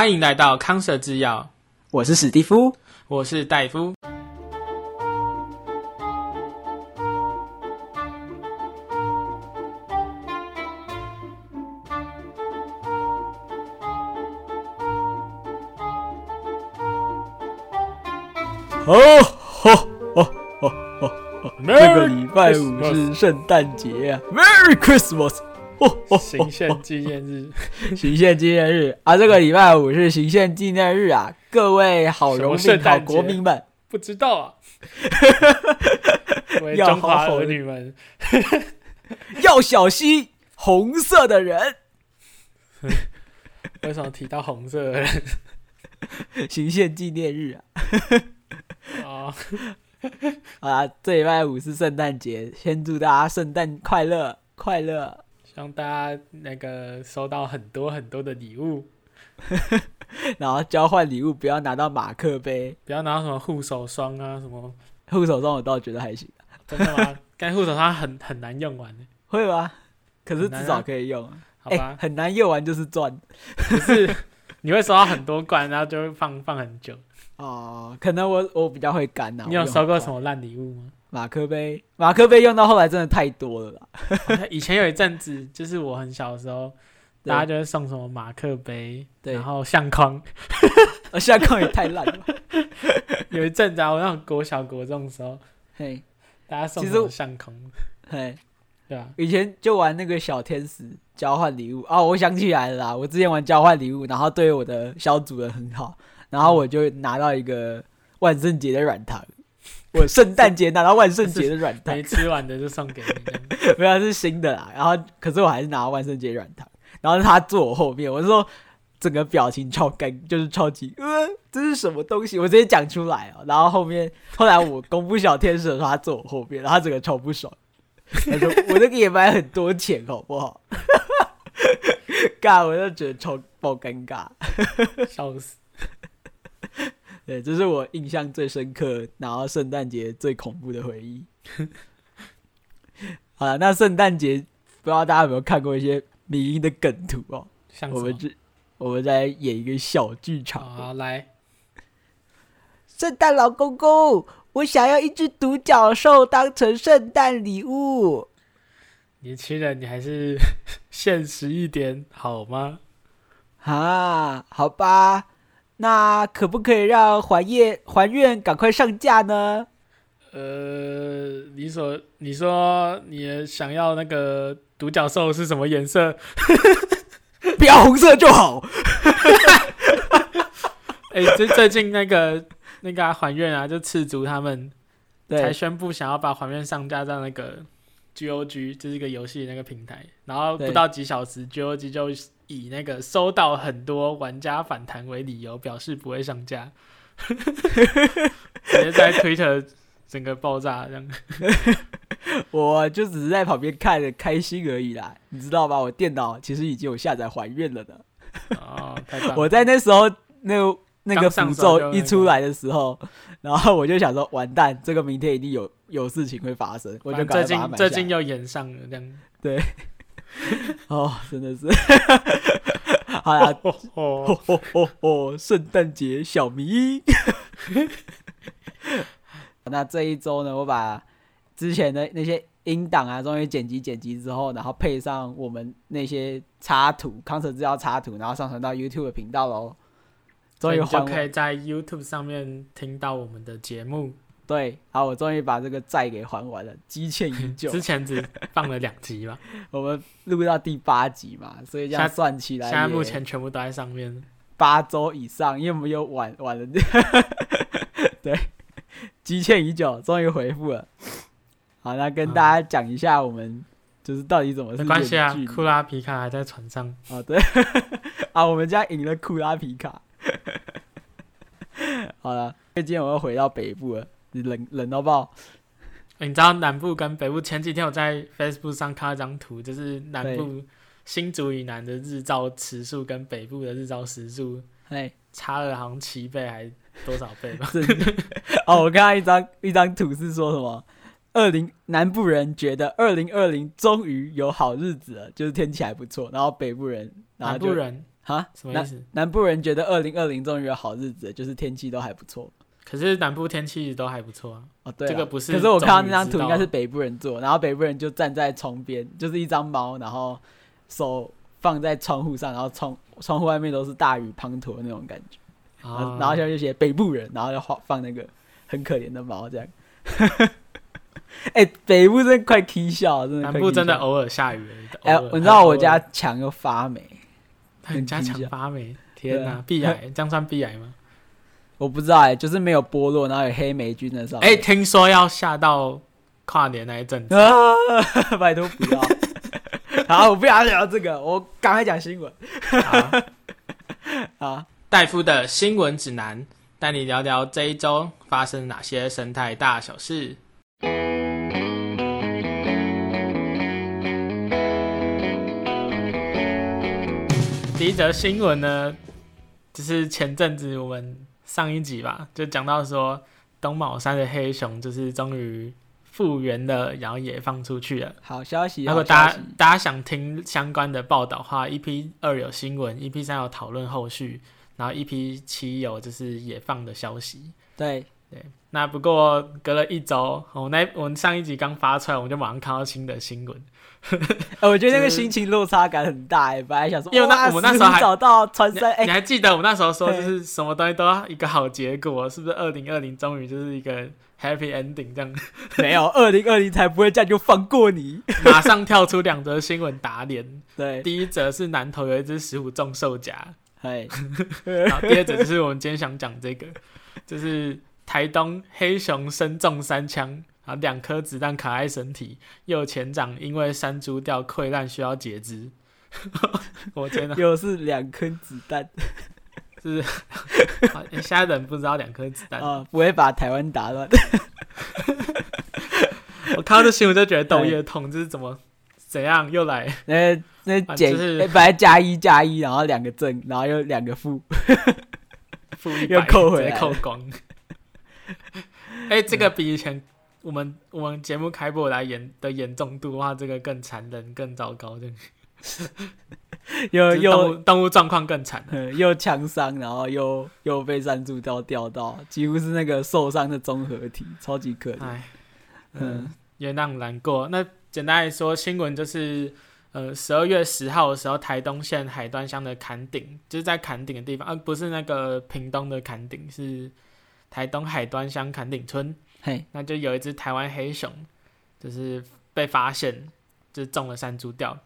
歡迎來到康 Sir 製藥。我是史蒂夫，我是戴夫。哦哦哦哦哦哦！這個禮拜五是聖誕節啊，Merry Christmas。 行憲紀念日，行憲紀念日, 念日啊！這個禮拜五是行憲紀念日啊，各位好，榮幸，好，國民們不知道啊， 中華兒女們要小心紅色的人。 為什麼提到紅色的人？ 行憲紀念日啊， 啊，這 禮拜五是聖誕節，先祝大家聖誕快樂，快樂。讓大家那個收到很多很多的禮物， 然後交換禮物，不要拿到馬克杯，不要拿到什麼護手霜啊，什麼護手霜我倒覺得還行、啊。真的嗎？但護 手霜很很難用完會吧？可是至少可以用、啊，好吧、欸？很難用完就是賺， 可是你會收到很多罐，然後就會放放很久。 哦，可能我我比較會乾啊。你有收過什麼爛禮物嗎？馬克杯，馬克杯用到後來真的太多了啦。 以前有一陣子，就是我很小的時候，大家就會送什麼馬克杯，對然後相框，我、 哦、相框也太爛了。 有一陣子、啊，我那種國小國中時候，嘿，Hey, 大家送我相框，嘿實，hey, 對啊，以前就玩那個小天使交換禮物啊、哦，我想起來了啦，我之前玩交換禮物，然後對我的小主人很好，然後我就拿到一個萬聖節的軟糖。我聖誕節拿到萬聖節的軟糖，沒吃完的就送給你，沒有 是新的啦。然後，可是我還是拿到萬聖節軟糖，然後他坐我後面，我就說整個表情超尷，就是超級呃，這是什麼東西？我直接講出來哦。然後後面，後來我公布小天使的時候，他坐我後面，然後他整個超不爽，他 說我這個也買很多錢，好不好？ 尬，我就覺得超爆尷尬，笑死。對，這是我印象最深刻，然後聖誕節最恐怖的回憶。 好啦，那聖誕節不知道大家有沒有看過一些迷因的梗圖哦、喔？像我們這，我們再演一個小劇場。好，好，來，聖誕老公公，我想要一隻獨角獸當成聖誕禮物。年輕人，你還是 現實一點好嗎？啊，好吧。那可不可以讓還願還願趕快上架呢？呃你，你說你說你想要那個獨角獸是什麼顏色？ 不要紅色就好。哎、 欸，最最近那個那個還願啊，就赤燭他們對才宣布想要把還願上架在那個 GOG，就是一個遊戲那個平台。然後不到幾小時對，GOG 就。以那個收到很多玩家反彈為理由，表示不會上架。 直接在推特整個爆炸，這樣。 我就只是在旁邊看着開心而已啦，你知道吧？我電腦其實已經有下載還願了的。哦、太棒了，我在那時候那個、那個符咒一出來的時候，時候那個、然後我就想說，完蛋，這個明天一定有有事情會發生。我就最近最近又演上了這樣。對。哦， oh, 真的是， 好啦，哦哦哦哦，聖誕節小迷，那這一周呢，我把之前的那些音檔啊，終於剪輯剪輯之後，然後配上我們那些插圖，康 Sir 知道插圖，然後上傳到 YouTube 的頻道嘍，終於就可以在 YouTube 上面聽到我們的節目。 對，好，我終於把這個債給還完了，積欠已久。之前只放了兩集嘛， 我們錄到第八集嘛，所以這樣算起來，現在目前全部都在上面，八周以上，因為我們又晚晚了點。 對，積欠已久，終於回復了。好，那跟大家講一下，我們就是到底怎麼是？沒關係啊，酷拉皮卡還在船上。啊，對，啊，我們家贏了酷拉皮卡。好了，最近我又回到北部了。冷冷到爆，欸！你知道南部跟北部前幾天我在 Facebook 上看了一張圖，就是南部新竹以南的日照時數跟北部的日照時數，嘿差了好像七倍還是多少倍吧。哦，我看到一張一張圖是說什麼？二零南部人覺得二零二零終於有好日子了，就是天氣還不錯。然後北部人，然後就南部人哈，蛤什麼意思？南，南部人覺得二零二零終於有好日子，就是天氣都還不錯。可是南部天氣都還不錯哦、啊，對，這個不是。可是我看到那張圖知道 應該是北部人做，然後北部人就站在窗邊，就是一張貓，然後手放在窗戶上，然後窗窗戶外面都是大雨滂沱的那種感覺啊、哦，然後下面就寫北部人，然後就畫放那個很可憐的貓這樣。哎、 欸，北部真的快啼笑，真的。南部真的偶爾下雨了。哎，我、欸啊、知道我家牆又發霉。啊、很你家牆發霉，天哪！壁、嗯、癌這樣算壁癌嗎？ 我不知道、欸，就是沒有剝落，然後有黑黴菌的時候。哎、欸，聽說要下到跨年那一陣子。啊、拜託不要！ 好，我不要聊這個，我趕快講新聞。 好，啊、大夫的新聞指南帶你聊聊這一周發生了哪些生態大小事。 第一則新聞呢，就是前陣子我們。上一集吧，就講到說東卯山的黑熊就是終於復原了，然後也放出去了。好消息，哦！如果大家息大家想聽相關的報道的話，EP2 有新聞，EP3 有討論後續，然後 EP7 有就是野放的消息。對對，那不過隔了一週，哦，那我那我們上一集剛發出來，我們就馬上看到新的新聞。 欸、我覺得那個心情落差感很大、欸。哎，本來想說，因為那、哦、我那時候還找到穿山，你，你還記得我那時候說，就是什麼東西都要一個好結果， 是不是？二零二零終於就是一個 happy ending 這樣？沒有，二零二零才不會這樣就放過你， 馬上跳出兩則新聞打臉。對，第一則是南投有一只石虎中獸夾，對， 然後第二則就是我們今天想講這個， 就是台東黑熊身中三槍。啊！兩顆子彈卡在身體，右前掌因為山豬掉潰爛需要截肢。 我天哪、啊！又是兩顆子彈，是不是？下一、欸、不知道兩顆子彈啊、哦，不會把台灣打亂。 我看到這新聞就覺得懂越痛，就是怎麼怎樣又來，那個、那減、個，就是欸、本來加一加一，然後兩個正，然後又兩個負，負 一負 100, 又扣回扣光。誒、 欸，這個比以前。我們我們節目開播來的嚴的嚴重度的話，這個更殘忍、更糟糕， 就物又又動物狀況更慘，又槍傷，然後又又被山豬掉、掉，釣到，幾乎是那個受傷的綜合體，超級可憐。呃、嗯，也那人難過。那簡單來說，新聞就是呃，十二月十號的時候，台東縣海端鄉的崁頂，就是在崁頂的地方，呃、啊，不是那個屏東的崁頂，是台東海端鄉崁頂村。嘿，那就有一隻台灣黑熊，就是被發現，就中、是、了山豬吊，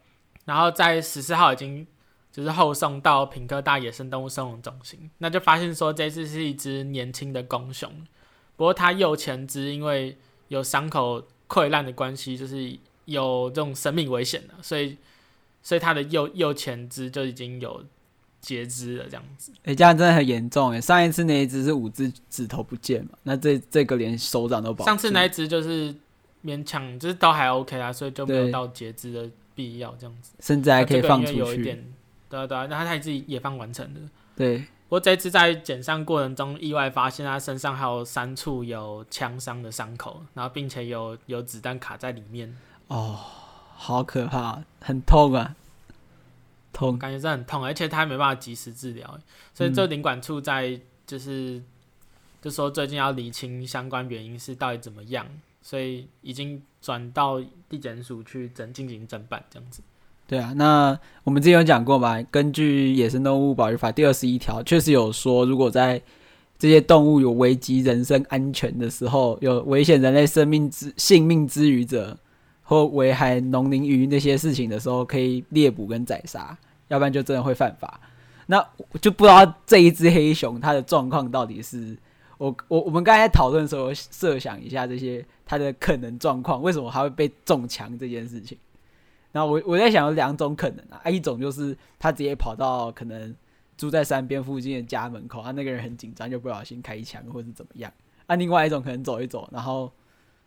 然後在十四號已經就是後送到屏科大野生動物收容中心，那就發現說這只是一只年輕的公熊，不過它右前肢因為有傷口潰爛的關係，就是有這種生命危險的、啊，所以所以它的右右前肢就已經有。截肢了這樣子，誒、欸，這樣真的很嚴重誒，上一次那一只是五只指頭不見嘛，那這這個連手掌都保。上次那一只就是勉強，就是都還 OK 啊，所以就沒有到截肢的必要這樣子。對。這樣子甚至還可以放出去。啊這個、一對啊對啊，那他他自己也放完成了。對我這次在檢傷過程中，意外發現他身上還有三處有槍傷的傷口，然後並且有有子彈卡在裡面。哦，好可怕，很痛啊！痛，感覺是很痛，而且他還沒辦法及時治療，所以這個林管處在就是、嗯、就說最近要釐清相關原因是到底怎麼樣，所以已經轉到地檢署去整進行整辦這樣子。對啊，那我們之前有講過嘛，根據《野生動物保育法第21》第二十一條，確實有說，如果在這些動物有危及人身安全的時候，有危險人類生命之性命之餘者。或危害農林漁那些事情的時候，可以獵捕跟宰殺，要不然就真的會犯法。那就不知道這一只黑熊它的狀況到底是我我我們剛才討論的時候，設想一下這些它的可能狀況，為什麼它會被中槍這件事情？那我我在想有兩種可能啊，一種就是它直接跑到可能住在山邊附近的家門口，啊那個人很緊張，就不小心開一槍或者怎麼樣。那、啊、另外一種可能走一走，然後。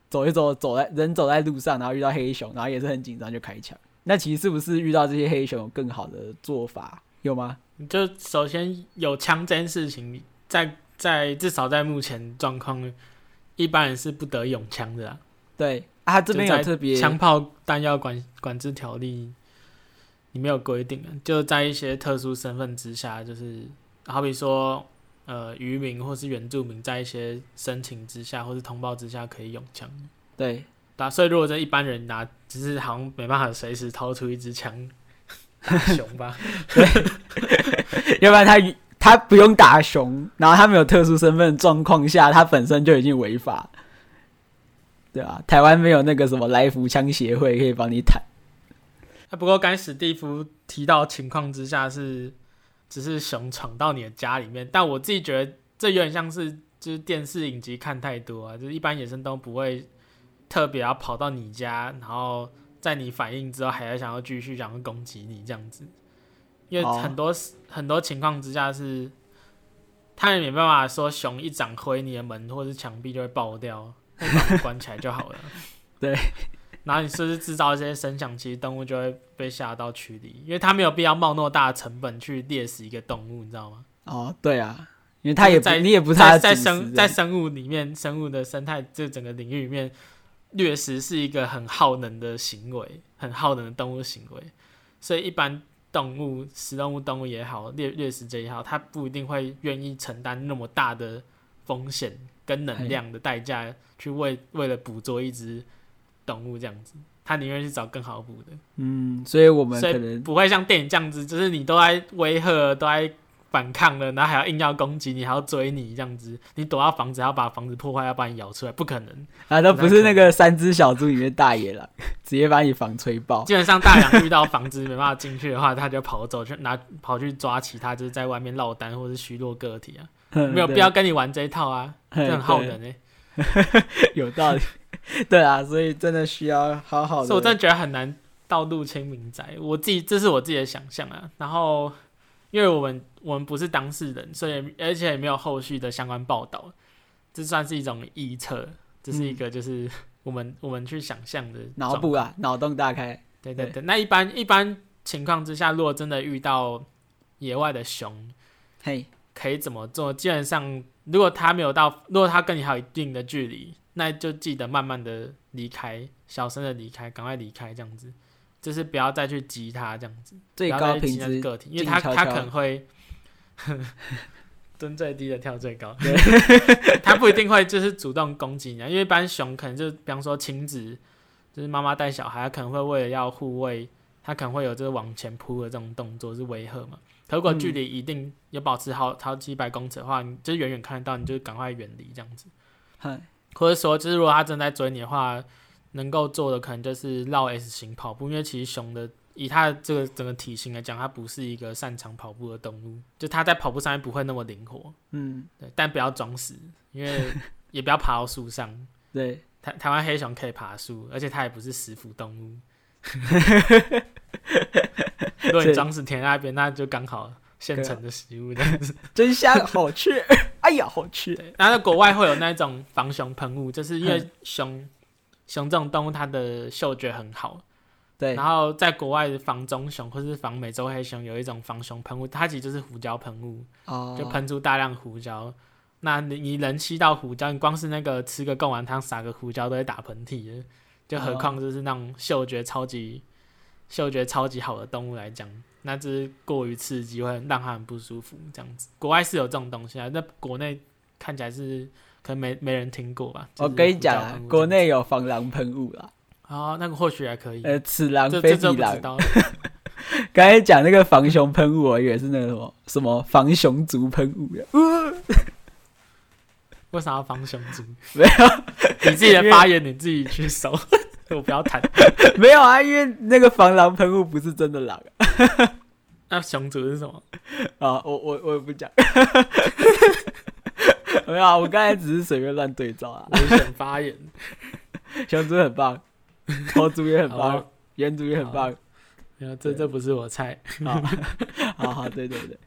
走一走，走在人走在路上，然後遇到黑熊，然後也是很緊張，就開槍。那其實是不是遇到這些黑熊有更好的做法？有嗎？就首先有槍這件事情，在在至少在目前狀況，一般人是不得用槍的。對啊，這邊特別槍炮彈藥管管制條例，你沒有規定啊，就在一些特殊身份之下，就是好比說。呃，漁民或是原住民，在一些申請之下，或是通報之下，可以用槍。對，打碎、啊。所以如果這一般人拿，只是好像沒辦法隨時掏出一支槍，熊吧？ 對， 要不然他他不用打熊，然後他沒有特殊身份狀況下，他本身就已經違法，對吧？台灣沒有那個什麼來福槍協會可以幫你坦。他、啊、不過剛才史蒂夫提到情況之下是。只是熊闖到你的家裡面，但我自己覺得這有點像是就是電視影集看太多啊，就是一般野生動物不會特別要跑到你家，然後在你反應之後還要想要繼續想要攻擊你這樣子，因為很多、oh. 很多情況之下是，它，也沒辦法說熊一掌揮你的門或者牆壁就會爆掉，把門關起來就好了， 對。 然後你是不是制造一些聲響，其實動物就會被嚇到驅離，因為它沒有必要冒那麼大的成本去獵食一個動物，你知道嗎？哦，對啊，因為它也在你也不太在,在生對在生物裡面，生物的生態這整個領域裡面，掠食是一個很耗能的行為，很耗能的動物行為，所以一般動物食動物動物也好，獵獵食者也好，它不一定會願意承擔那麼大的風險跟能量的代價、哎、呀去為為了捕捉一只。動物這樣子，他寧願去找更好補的。嗯，所以我們可能所以不會像電影這樣子，就是你都在威嚇，都在反抗了，然後還要硬要攻擊你，還要追你這樣子。你躲到房子，還要把房子破壞，要把你咬出來，不可能。那、啊、都不是那個三隻小豬裡面大野狼， 直接把你房吹爆。基本上，大狼遇到房子 沒辦法進去的話，他就跑走去拿跑去抓其他，就是在外面落單或是虛弱個體啊，嗯、沒有必要跟你玩這一套啊，就、嗯、很耗人嘞、欸。對 有道理。 對啊，所以真的需要好好。所以我真的覺得很難到入侵民宅，我自己這是我自己的想象啊。然後，因為我們我們不是當事人，所以而且也沒有後續的相關報道，這算是一種臆測，這是一個就是我們、嗯、我們去想象的腦補啊，腦洞大開。對對對，對那一般一般情況之下，如果真的遇到野外的熊，嘿，可以怎麼做？基本上，如果他沒有到，如果他跟你還有一定的距離。那就記得慢慢的離開，小聲的離開，趕快離開，這樣子，就是不要再去激他這樣子，最高不要再去激那個個體，喬喬因為他他可能會呵呵 蹲最低的跳最高，他不一定會就是主動攻擊你、啊，因為一般熊可能就是，比方說親子，就是媽媽帶小孩，他可能會為了要護衛，他可能會有這個往前撲的這種動作，是威嚇嘛。如果距離一定有保持好好、嗯、幾百公尺的話，你就遠遠看得到，你就趕快遠離這樣子，或者說，就是如果他正在追你的話，能夠做的可能就是繞 S 型跑步，因為其實熊的以它這個整個體型來講，它不是一個擅長跑步的動物，就它在跑步上面不會那麼靈活。嗯，對，但不要裝死，因為也不要爬到樹上。 對，台台灣黑熊可以爬樹，而且它也不是食腐動物。 如果你裝死停在那邊，那就剛好。現成的食物、啊、真香，好吃。 哎呀，好吃。然後在國外會有那種防熊噴霧， 就是因為熊、嗯、熊這種動物它的嗅覺很好。對。然後在國外防棕熊或是防美洲黑熊有一種防熊噴霧，它其實就是胡椒噴霧。哦、就噴出大量胡椒，那你你人吸到胡椒，你光是那個吃個貢丸湯撒個胡椒都會打噴嚏的就何況就是那種嗅覺超級、哦、嗅覺超級好的動物來講。那只過於刺激會讓他很不舒服，這樣子。國外是有這種東西啊，那國內看起來是可能沒沒人聽過吧。就是、不我跟你講、啊，國內有防狼噴霧啦。啊、哦，那個或許還可以。呃，此狼非彼狼。剛 才講那個防熊噴霧，我以為是那個什麼什麼防熊族噴霧呀。 為什麼要防熊族？沒有，你自己的發言，你自己去搜。我不要談， 沒有啊，因為那個防狼噴霧不是真的狼，啊。那、 啊、熊主是什麼啊？我我我也不講。 沒有，啊，我剛才只是隨便亂對照啊。 我選發言，熊主很棒，貓主也很棒， 啊、原主也很棒。啊、這對這不是我猜。好 好好，對對對，對，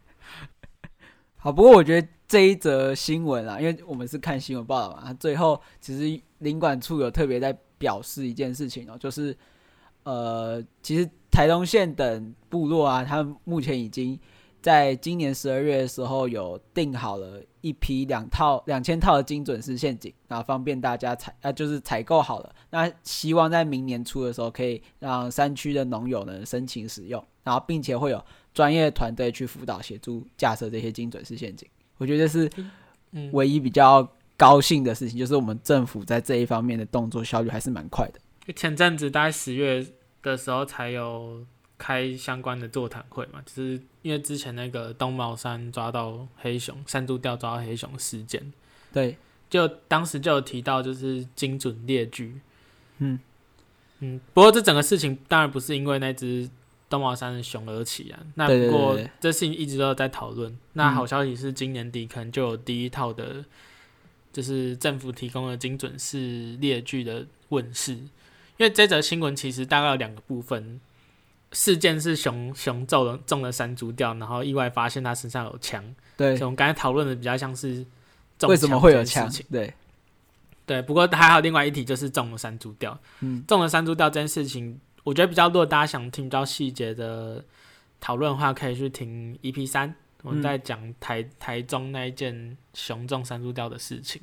好。不過我覺得這一則新聞啊，因為我們是看新聞報道嘛，最後其實林管處有特別在。表示一件事情哦，就是呃，其實台東崁頂部落啊，他們目前已經在今年十二月的時候有訂好了一批兩套兩千套的精準式陷阱，然後方便大家採啊，就是採購好了，那希望在明年初的時候可以讓山區的農友呢申請使用，然後並且會有專業團隊去輔導協助架設這些精準式陷阱。我覺得是嗯，唯一比較。高興的事情就是，我們政府在這一方面的動作效率還是蠻快的。前陣子大概十月的時候，才有開相關的座談會嘛，就是因為之前那個東卯山抓到黑熊、山豬吊抓到黑熊事件，對，就當時就有提到就是精準獵具。嗯嗯。不過這整個事情當然不是因為那隻東卯山的熊而起啊。那不過這事情一直都在討論，對對對對，那好消息是今年底可能就有第一套的。就是政府提供的精準式獵具的問世，因為這則新聞其實大概有兩個部分：事件是熊熊中中了山豬吊然後意外發現他身上有槍。對，所以我們剛才討論的比較像是中為什麼會有槍對，對。不過還好，另外一題就是中了山豬吊嗯，中了山豬吊這件事情，我覺得比較多大家想聽到細節的討論的話，可以去聽 EP 三。我在講台、嗯、台中那一件熊中山豬吊的事情，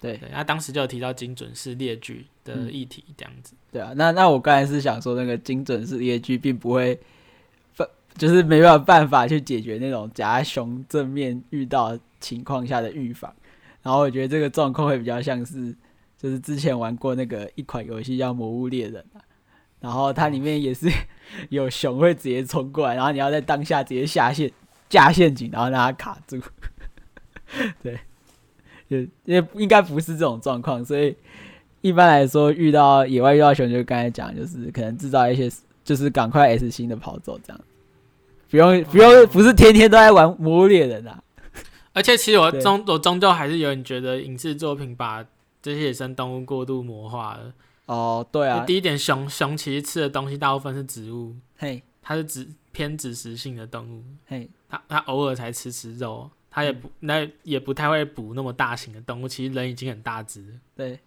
對，他對、啊、當時就有提到精準式獵具的議題，這樣子、嗯，對啊，那那我剛才是想說，那個精準式獵具並不會分，就是沒辦法辦法去解決那種夾熊正面遇到情況下的預防，然後我覺得這個狀況會比較像是，就是之前玩過那個一款遊戲叫《魔物獵人》，然後它裡面也是有熊會直接衝過來，然後你要在當下直接下線。架陷阱，然後讓它卡住。 對，也也應該不是這種狀況，所以一般來說，遇到野外遇到熊，就剛才講，就是可能製造一些，就是趕快 S 型的跑走，這樣。不用不用，哦、不是天天都在玩魔獵人啦。而且，其實我終對我終究還是有點覺得影視作品把這些野生動物過度魔化了。哦，對啊。第一點，熊熊其實吃的東西大部分是植物，嘿，它是偏指偏植食性的動物，嘿。他他偶爾才吃吃肉，他也不、嗯、那也不太會捕那麼大型的動物。其實人已經很大只了，對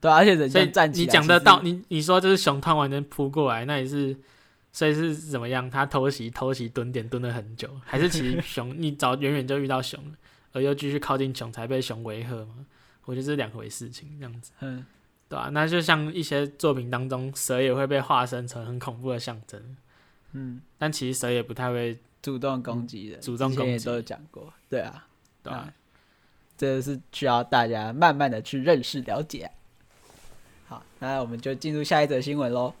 對、啊，而且人站起來，所以你講得到實你你說這是熊突然完全撲過來，那也是，所以是怎麼樣？他偷襲偷襲蹲點蹲了很久，還是其實熊 你早遠遠就遇到熊了，而又繼續靠近熊才被熊威嚇嗎？我覺得這是兩回事情這樣子。嗯，對啊，那就像一些作品當中，蛇也會被化身成很恐怖的象徵。嗯，但其實蛇也不太會。主動攻擊的，嗯、主動攻擊之前也都有講過，對啊，對啊，這個、是需要大家慢慢的去認識了解。好，那我們就進入下一則新聞嘍。好，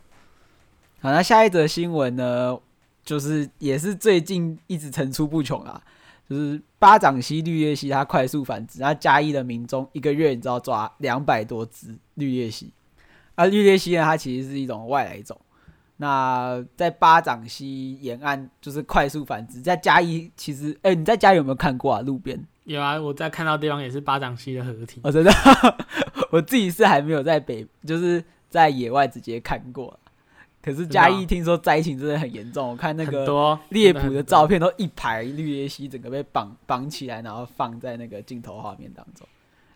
那下一則新聞呢，就是也是最近一直層出不窮啊，就是巴掌蜥綠鬣蜥，它快速繁殖，那嘉義的民眾一個月你知道抓兩百多隻綠鬣蜥。啊，綠鬣蜥呢，它其實是一種外來種。那在巴掌溪沿岸就是快速繁殖，在加一，其實，哎、欸，你在家有沒有看過啊？路邊有啊，我在看到地方也是巴掌溪的合體。我知道，真的 我自己是還沒有在北，就是在野外直接看過。可是加一聽說災情真的很嚴重，嗎我看那個獵捕的照片都一排綠葉蜥整個被綁綁起來，然後放在那個鏡頭畫面當中。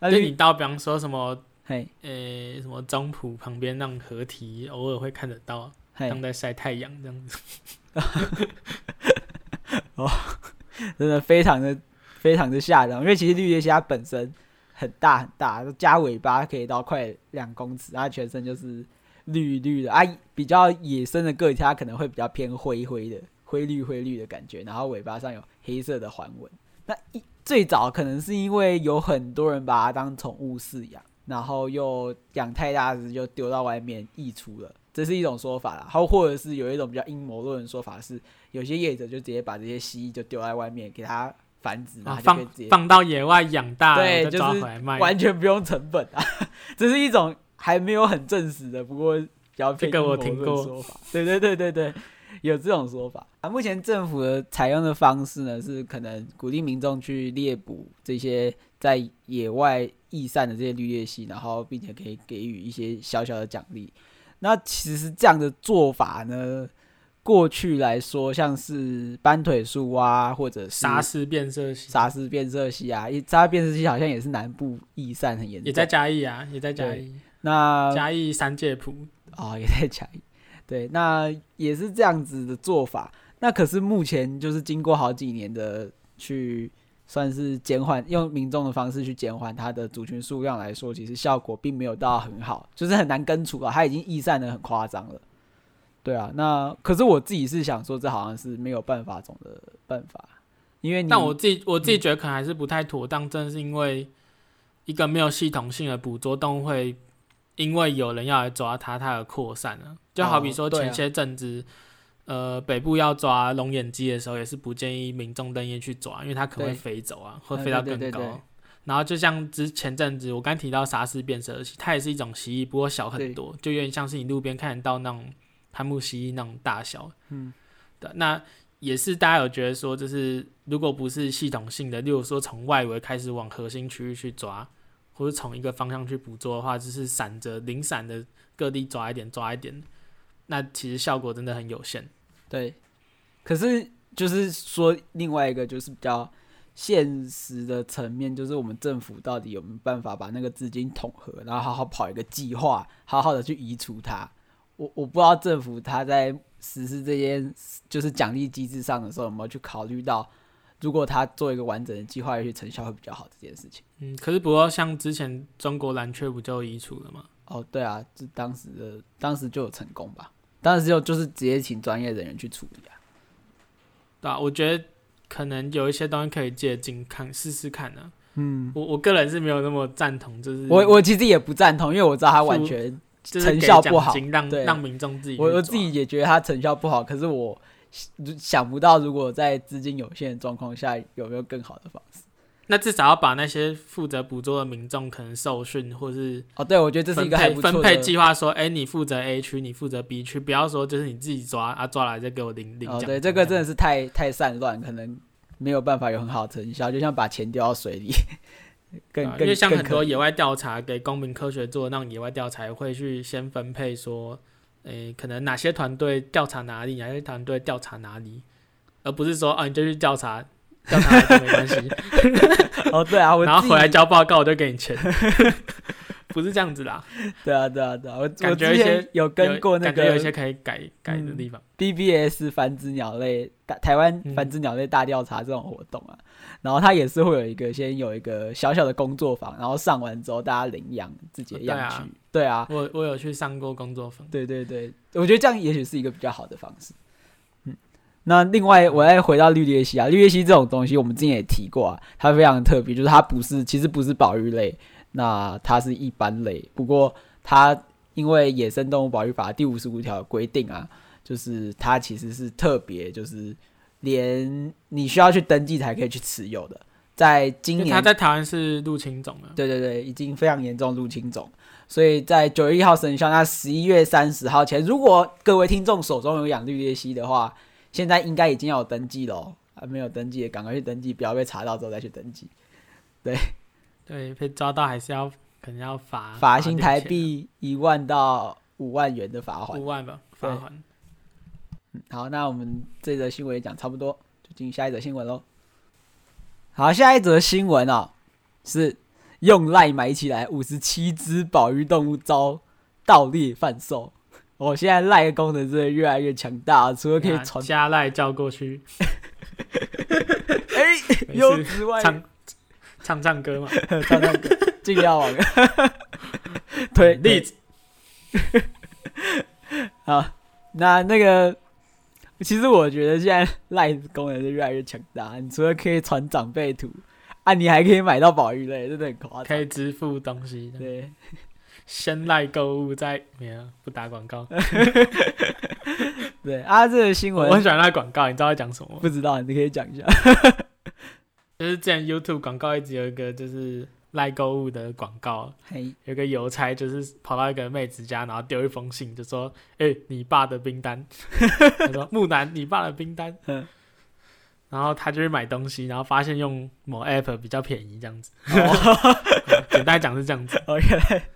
那就你到比方說什麼，嘿，呃、欸，什麼中埔旁邊那種合體，偶爾會看得到，啊。躺在曬太陽這樣子， 哦，真的非常的非常的嚇人，因為其實綠鬣蜥本身很大很大，加尾巴可以到快兩公尺，它全身就是綠綠的，啊，比較野生的個體，它可能會比較偏灰灰的，灰綠灰綠的感覺，然後尾巴上有黑色的環紋。那一最早可能是因為有很多人把它當寵物飼養，然後又養太大只，就丟到外面溢出了。這是一種說法啦，然後或者是有一種比較陰謀論的說法是，有些業者就直接把這些蜥蜴就丟在外面，給它繁殖，啊放放到野外養大，再對就，就是完全不用成本啊。魚這是一種還沒有很證實的，不過比較偏陰謀論說法。對對對對對，有這種說法啊。目前政府的採用的方式呢，是可能鼓勵民眾去獵捕這些在野外逸散的這些綠鬣蜥，然後並且可以給予一些小小的獎勵。那其實這樣的做法呢，過去來說，像是斑腿樹啊，或者是沙氏變色蜥、沙氏變色蜥啊，沙氏變色蜥好像也是南部逸散很嚴重，也在嘉義啊，也在嘉義。那嘉義三界埔啊，也在嘉義。對，那也是這樣子的做法。那可是目前就是經過好幾年的去。算是減緩，用民眾的方式去減緩它的族群數量來說，其實效果並沒有到很好，就是很難根除了，啊。它已經易散得很誇張了。對啊，那可是我自己是想說，這好像是沒有辦法中的辦法，因為……但我自己我自己覺得可能還是不太妥當，真你是因為一個沒有系統性的捕捉動物會，因為有人要來抓它，它而擴散了，啊。就好比說前些陣子。嗯呃，北部要抓龍眼雞的時候，也是不建議民眾入夜去抓，因為它可能會飛走啊，會對飛到更高。然後就像之前陣子我剛提到沙氏變色蜥，它也是一種蜥蜴，不過小很多，對就有點像是你路邊看到那種攀木蜥蜴那種大小。嗯。對，那也是大家有覺得說，就是如果不是系統性的，例如說從外圍開始往核心區域去抓，或者從一個方向去捕捉的話，就是散着零散的各地抓一點抓一點，那其實效果真的很有限。對，可是就是說，另外一個就是比較現實的層面，就是我們政府到底有沒有辦法把那個資金統合，然後好好跑一個計劃，好好的去移除它？我我不知道政府他在實施這些就是獎勵機制上的時候，有沒有去考慮到，如果他做一個完整的計劃，也許成效會比較好這件事情。嗯，可是不過像之前中國藍鵲不就移除了嗎？哦，對啊，這當時的當時就有成功吧。但是又就是直接請專業人員去處理啊，對啊，我覺得可能有一些東西可以借健康試試看呢。試試看啊、嗯，我我個人是沒有那麼贊同，就是我我其實也不贊同，因為我知道它完全成效不好，就是給獎金讓，對了，讓民眾自己，我我自己也覺得它成效不好。可是我想不到，如果在資金有限的狀況下，有沒有更好的方式？那至少要把那些負責捕捉的民眾可能受訓，或是哦，對，我覺得這是一個很分配計劃。說，哎、欸，你負責 A 區，你負責 B 區，不要說就是你自己抓啊，抓來再給我領領獎、哦。對，這個真的是太太散亂，可能沒有辦法有很好的成效，就像把錢丟到水裡。更，更、啊、因為像很多野外調查，給公民科學做那種野外調查，會去先分配說，誒、欸，可能哪些團隊調查哪裡，哪些團隊調查哪裡，而不是說啊，你就去調查。沒關係， 哦對啊，我然後回來交報告，我就給你錢， 不是這樣子的。對啊對啊對啊，我感覺一些我有跟過那個有，有一些可以改改的地方。B、嗯、b s 繁，繁殖鳥類大台灣繁殖鳥類大調查這種活動啊，嗯、然後它也是會有一個先有一個小小的工作坊，然後上完之後大家領養自己的樣區，對啊，對啊，我我有去上過工作坊，對對對，我覺得這樣也許是一個比較好的方式。那另外，我再回到綠鬣蜥啊，綠鬣蜥這種東西，我們之前也提過，啊，它非常特別，就是它不是，其實不是保育類，那它是一般類。不過，它因為野生動物保育法第五十五條的規定啊，就是它其實是特別，就是連你需要去登記才可以去持有的。在今年，它在台灣是入侵種啊。對對對，已經非常嚴重入侵種，所以在九月一號生效，那十一月三十號前，如果各位聽眾手中有養綠鬣蜥的話，現在應該已經要有登記了還沒有登記的，趕快去登記，不要被查到之後再去登記。對，對，被抓到還是要，可能要罰，罰新台幣一萬到五萬元的罰鍰，五萬吧，罰鍰對、嗯。好，那我們這則新聞也講差不多，就進行下一則新聞嘍。好，下一則新聞哦、啊，是用賴買起來五十七只保育動物遭盜獵販售。我、哦、現在賴的功能真的越來越強大，除了可以傳家賴叫過去，唱唱唱歌嘛， 唱唱歌，進藥網， 推例子推 好，那那個，其實我覺得現在賴的功能是越來越強大，你除了可以傳長輩圖啊，你還可以買到保育類，真的很誇張，可以支付東西，對。先賴購物再，再沒有不打廣告。 對啊，這個新聞我很喜歡賴廣告，你知道在講什麼？不知道，你可以講一下。 就是之前 YouTube 廣告一直有一個，就是賴購物的廣告。Hey. 有個郵差就是跑到一個妹子家，然後丟一封信，就說：“誒、欸，你爸的冰單。” 他說：“木蘭，你爸的冰單。” 然後他就去買東西，然後發現用某 App 比較便宜，這樣子。我 簡單講是這樣子。Oh, ok。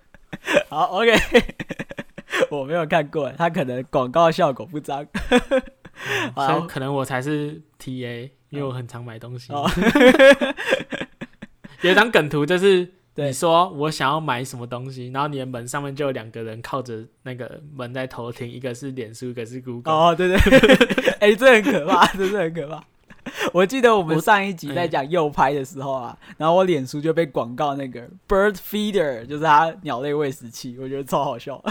好，OK， 我沒有看過，他可能廣告效果不咋。 嗯、可能我才是 TA，、嗯、因為我很常買東西。哦、 有一張梗圖，就是說我想要買什麼東西，對然後你的門上面就有兩個人靠着那個門在偷聽，一個是臉書，一個是 Google。哦，對對，對，哎、 欸，這很可怕，真的 很可怕。我記得我們上一集在講誘拍的時候啊，嗯、然後我臉書就被廣告那個 bird feeder，就是他鳥類餵食器，我覺得超好笑，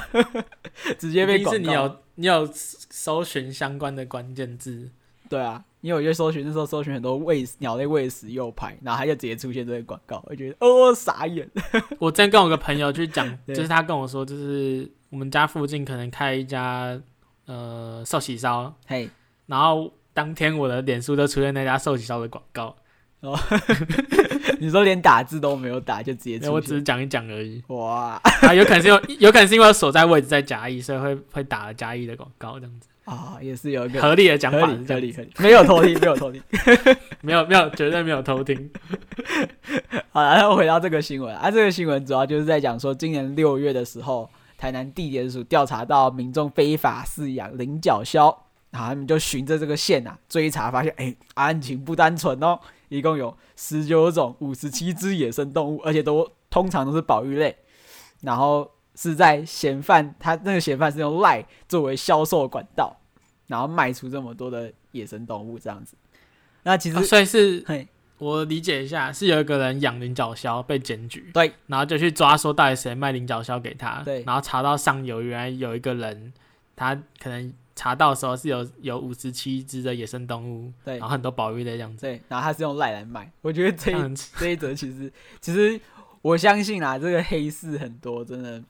直接被廣告。你有你有搜尋相關的關鍵字，對啊，因為我就搜尋的時候搜尋很多餵鳥類餵食誘拍，然後他就直接出現這個廣告，我覺得哦傻眼。 我之前跟我個朋友去講，就是他跟我說，就是我們家附近可能開一家呃壽喜燒，嘿，Hey. 然後。當天我的臉書都出現那家壽喜燒的廣告哦，呵呵 你說連打字都沒有打就直接，我只是講一講而已。哇、啊有有，有可能是因有可能是因為所在位置在嘉義，所以會會打嘉義的廣告這樣子啊、哦，也是有一個合理的講法這，沒有偷聽，沒有偷聽， 沒有沒有，絕對沒有偷聽。 好了，那我回到這個新聞啊，這個新聞主要就是在講說，今年六月的時候，台南地檢署調查到民眾非法飼養領角鴞。然後他們就循着這個線啊追查，發現哎，案情不單純哦！一共有十九種、五十七只野生動物，而且都通常都是保育類。然後是在嫌犯，他那個嫌犯是用賴作為銷售管道，然後賣出這麼多的野生動物這樣子。那其實算、啊、是我理,嘿我理解一下，是有一個人養領角鴞被檢舉，對，然後就去抓說到底誰賣領角鴞給他，對，然後查到上游原來有一個人，他可能。查到的時候是有有五十七隻的野生動物，對，對，然後很多保育的這樣子，然後它是用賴來賣，我覺得這一這，這一則其實其實我相信啦、啊， 這個黑市很多，真的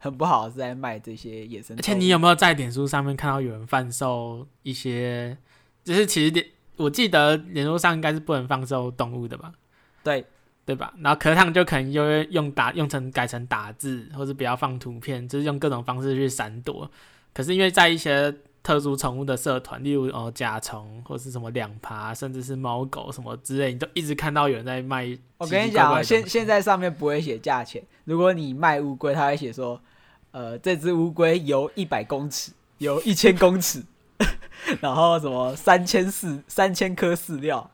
很不好是在賣這些野生動物。而且你有沒有在臉書上面看到有人販售一些？就是其實點我記得臉書上應該是不能販售動物的吧？對，對吧？然後課堂就可能就會用用打用成改成打字，或是不要放圖片，就是用各種方式去閃躲。可是因為在一些特殊寵物的社團，例如哦甲蟲或是什麼兩爬，甚至是貓狗什麼之類，你都一直看到有人在賣奇奇怪怪怪。我跟你講、哦，現現在上面不會寫價錢。如果你賣烏龜，他會寫說，呃，這只烏龜游一百公尺，游一千公尺， 然後什麼三千四、三千顆飼料。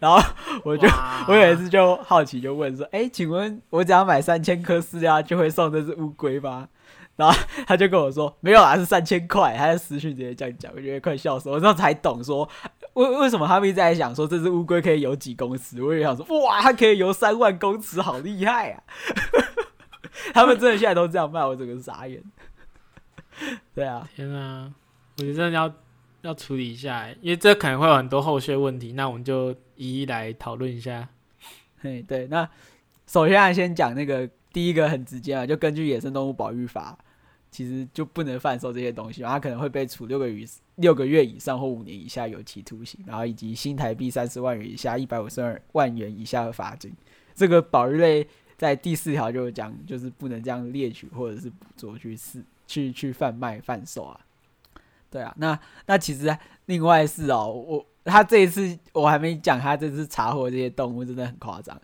然後我就哇我有一次就好奇就問說，哎、欸，請問我只要買三千顆飼料，就會送這只烏龜嗎？然後他就跟我說：“沒有啊，是三千塊。”他在私訊，直接這樣講，我覺得快笑死了。我這樣才懂說，為為什麼他們一直在想說這隻烏龜可以游幾公尺？我也想說，哇，它可以游三萬公尺，好厲害啊！ 他們真的現在都這樣賣，我整個傻眼。 對啊，天啊，我覺得真的要要處理一下，因為這可能會有很多後續問題。那我們就一一來討論一下。嘿，對，那首先來先講那個第一個很直接啊，就根據《野生動物保育法》。其實就不能販售這些東西嘛，他可能會被處六個月六個月以上或五年以下有期徒刑，然後以及新台幣三十萬元以下一百五十萬元以下的罰金。這個保育類在第四條就講，就是不能這樣獵取或者是捕捉去是去去販賣販售啊。對啊，那那其實另外是哦，我他這一次我還沒講，他這次查獲這些動物真的很誇張。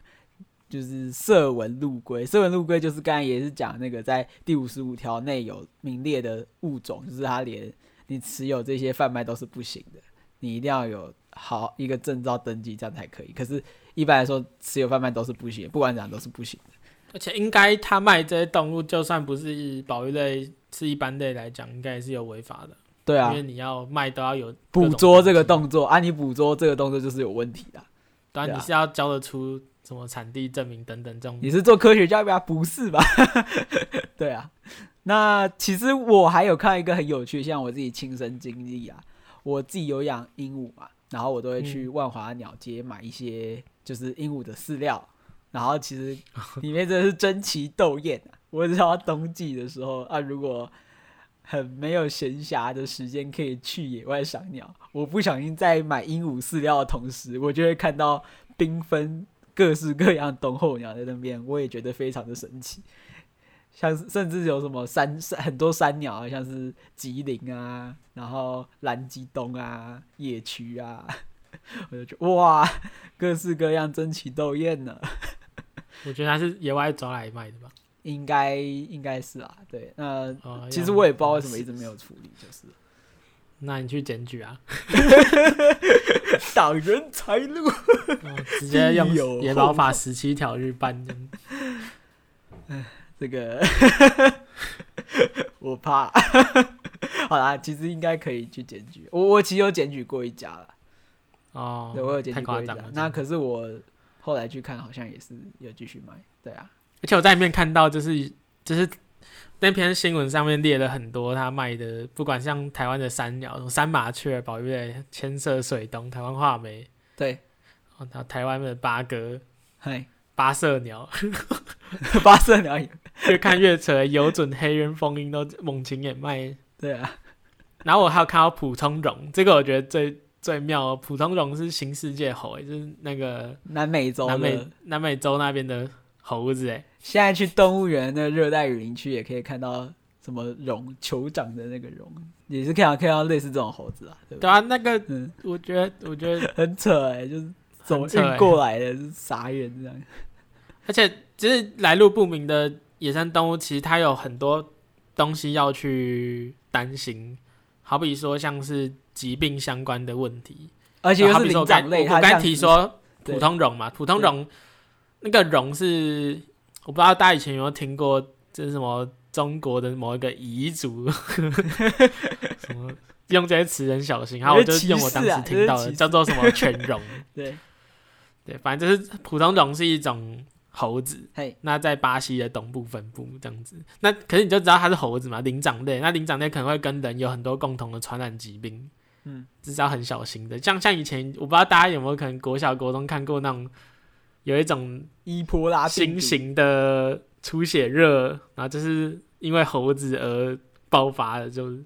就是射紋陸龜，射紋陸龜就是剛才也是講那個在第五十五條內有名列的物種，就是它連你持有這些販賣都是不行的，你一定要有好一個證照登記，這樣才可以。可是一般來說，持有販賣都是不行，不管怎樣都是不行的。而且應該他賣這些動物，就算不是以保育類，是一般類來講，應該也是有違法的。對啊，因為你要賣都要有捕捉這個動作啊，你捕捉這個動作就是有問題的。當然你是要交得出。什麼產地證明等等這種，你是做科學家吧？不是吧？ 對啊，那其實我還有看一個很有趣，像我自己親身經歷啊，我自己有養鸚鵡嘛，然後我都會去萬華鳥街買一些就是鸚鵡的飼料，嗯、然後其實裡面真的是爭奇鬥豔啊。我只知道冬季的時候啊，如果很沒有閒暇的時間可以去野外賞鳥，我不小心在買鸚鵡飼料的同時，我就會看到繽紛。各式各樣的冬候鳥在那邊，我也覺得非常的神奇。像甚至有什麼山，山很多山鳥啊，像是吉林啊，然後藍磯鶇啊、野鴝啊，我就覺得哇，各式各樣爭奇鬥艷呢。我覺得他是野外抓來賣的吧？應該應該是啊。對，那、呃哦、其實我也不知道為什麼一直沒有處理，就是。那你去檢舉啊！擋 人財財路、 啊，直接用野《野保法》十七條去辦。這個 我怕。 好啦，其實應該可以去檢舉。我我其實有檢舉過一家了。哦，我有檢舉過一家。那可是我後來去看，好像也是有繼續賣。對啊，而且我在裡面看到、就是，就是就是。那篇新聞上面列了很多他賣的，不管像台灣的山鳥、山麻雀、寶月、鉛色水鶇、台灣畫眉，對，然後台灣的八哥、嘿八色鳥、 八色鳥，越看越扯， 有准黑鳶、蜂鷹都猛禽也賣。對啊，然後我還有看到普通狨，這個我覺得最最妙。普通狨是新世界猴、欸，就是那個南美洲、南美、南美洲那邊的。猴子誒、欸，現在去動物園那個熱帶雨林區也可以看到什麼絨酋長的那個絨，也是可以看到類似這種猴子啊。對吧，對啊，那個、嗯、我覺得我覺得很扯誒、欸。就是走進過來的，是傻眼這樣。而且，就是來路不明的野生動物，其實它有很多東西要去擔心。好比說，像是疾病相關的問題，而且是靈長類，好比說我剛提說普通絨嘛，對普通絨。那個狨是我不知道大家以前有沒有聽過，就是什麼中國的某一個彝族， 什麼用這些詞很小心，然後我就用我當時聽到的叫做什麼犬戎，對，對，反正就是普通狨是一種猴子，那在巴西的東部分布這樣子，那可是你就知道它是猴子嘛，靈長類，那靈長類可能會跟人有很多共同的傳染疾病，嗯，這是要很小心的，像像以前我不知道大家有沒有可能國小國中看過那種。有一種伊波拉新型的出血熱，然後就是因為猴子而爆發的，就是